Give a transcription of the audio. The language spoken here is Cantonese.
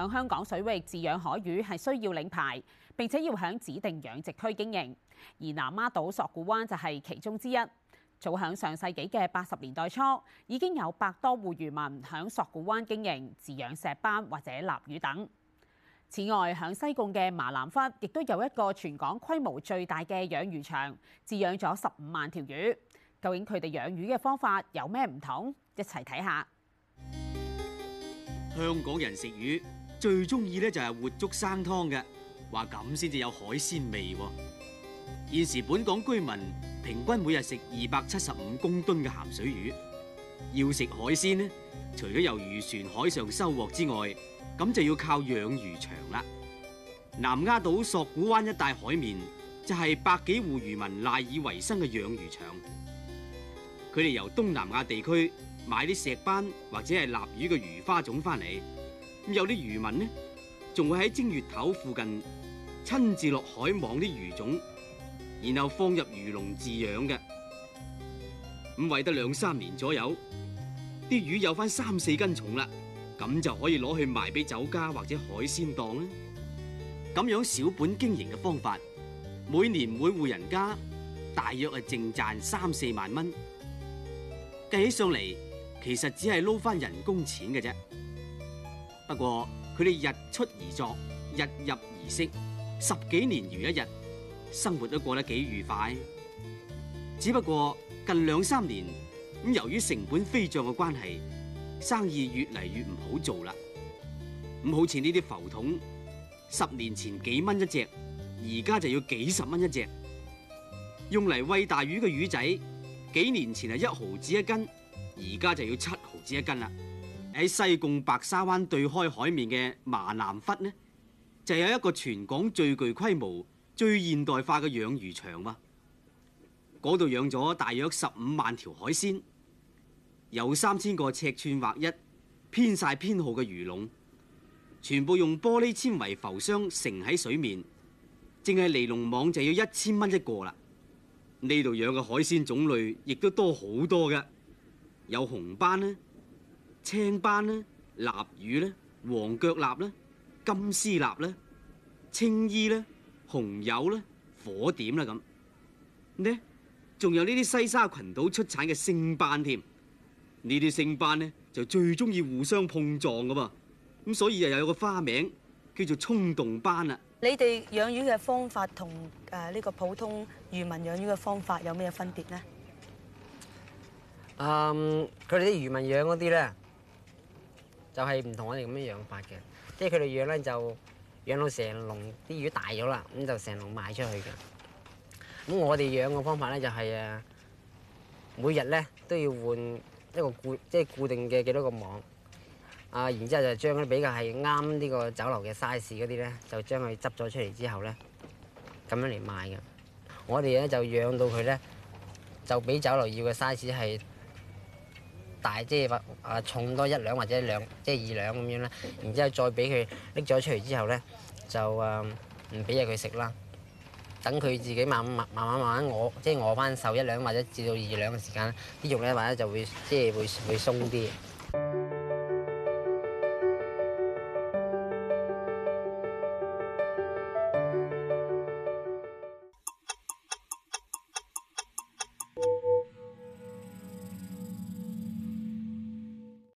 響香港水域飼養海魚係需要領牌，並且要響指定養殖區經營，而南丫島索罟灣就係其中之一。早響上世紀嘅八十年代初，已經有百多戶漁民響索罟灣經營飼養石斑或者臘魚等。此外，響西貢嘅麻南笏亦都有一個全港規模最大嘅養魚場，飼養咗十五萬條魚。究竟佢哋養魚嘅方法有咩唔同？一齊睇下。香港人食魚。最中意咧就係活捉生湯嘅，話咁先至有海鮮味。現時本港居民平均每日食二百七十五公噸嘅鹹水魚，要食海鮮咧，除咗由漁船海上收穫之外，咁就要靠養魚場啦。南丫島索罟灣一帶海面就係百幾戶漁民賴以為生嘅養魚場，佢哋由東南亞地區買啲石斑或者係臘魚嘅魚花種翻嚟。咁有啲漁民咧，仲會喺正月頭附近親自落海網啲魚種，然後放入魚籠飼養嘅。咁餵得兩三年左右，啲魚有翻三四斤重啦，咁就可以攞去賣俾酒家或者海鮮檔啦。咁樣小本經營嘅方法，每年每戶人家大約係淨賺三四萬蚊。計起上嚟，其實只係撈翻人工錢嘅啫。不過佢哋日出而作，日入而息，十幾年如一日，生活都過得幾愉快。只不過近兩三年咁，由於成本飛漲嘅關係，生意越嚟越唔好做啦。咁好似呢啲浮筒，十年前幾蚊一隻，而家就要幾十蚊一隻。用嚟餵大魚嘅魚仔，幾年前係一毫子一斤，而家就要七毫子一斤啦。喺西貢白沙灣對開海面嘅麻南笏呢，就有一個全港最具規模、最現代化嘅養魚場啊，嗰度養咗大約十五萬條海鮮，有三千個尺寸劃一編晒編號嘅魚籠，全部用玻璃纖維浮箱盛喺水面，淨係尼龍網就要一千蚊一個啦。呢度養嘅海鮮種類亦都多好多嘅，有紅斑呢。青斑啦、立魚啦、黃腳立啦、金絲立啦、青衣啦、紅友啦、火點啦咁，咧仲有呢啲西沙群島出產嘅星斑添，呢啲星斑呢，就最中意互相碰撞噶噃，咁所以又有個花名叫做衝動斑啦。你哋養魚嘅方法同誒呢個普通漁民養魚嘅方法有咩分別呢？嗯，佢哋啲漁民養嗰啲咧。就係唔同我哋咁樣養法嘅，即係佢哋養呢，就養到成籠啲魚大咗啦，咁就成籠賣出去嘅。咁我哋養嘅方法呢，就係誒，每日呢都要換一個固，即係固定嘅幾多個網。啊，然之後就將比較係啱呢個酒樓嘅 size 嗰啲呢，就將佢執咗出嚟之後呢，咁樣嚟賣嘅。我哋呢就養到佢呢，就俾酒樓要嘅 size 係。大即係話啊，重多一兩或者一兩即係二兩咁樣啦。然之後再俾佢拎咗出嚟之後咧，就誒唔俾嘢佢食啦。等、呃、佢自己慢慢慢慢慢慢餓，即係餓翻瘦一兩或者至到二兩嘅時間，啲肉咧或者就會即係會會鬆啲。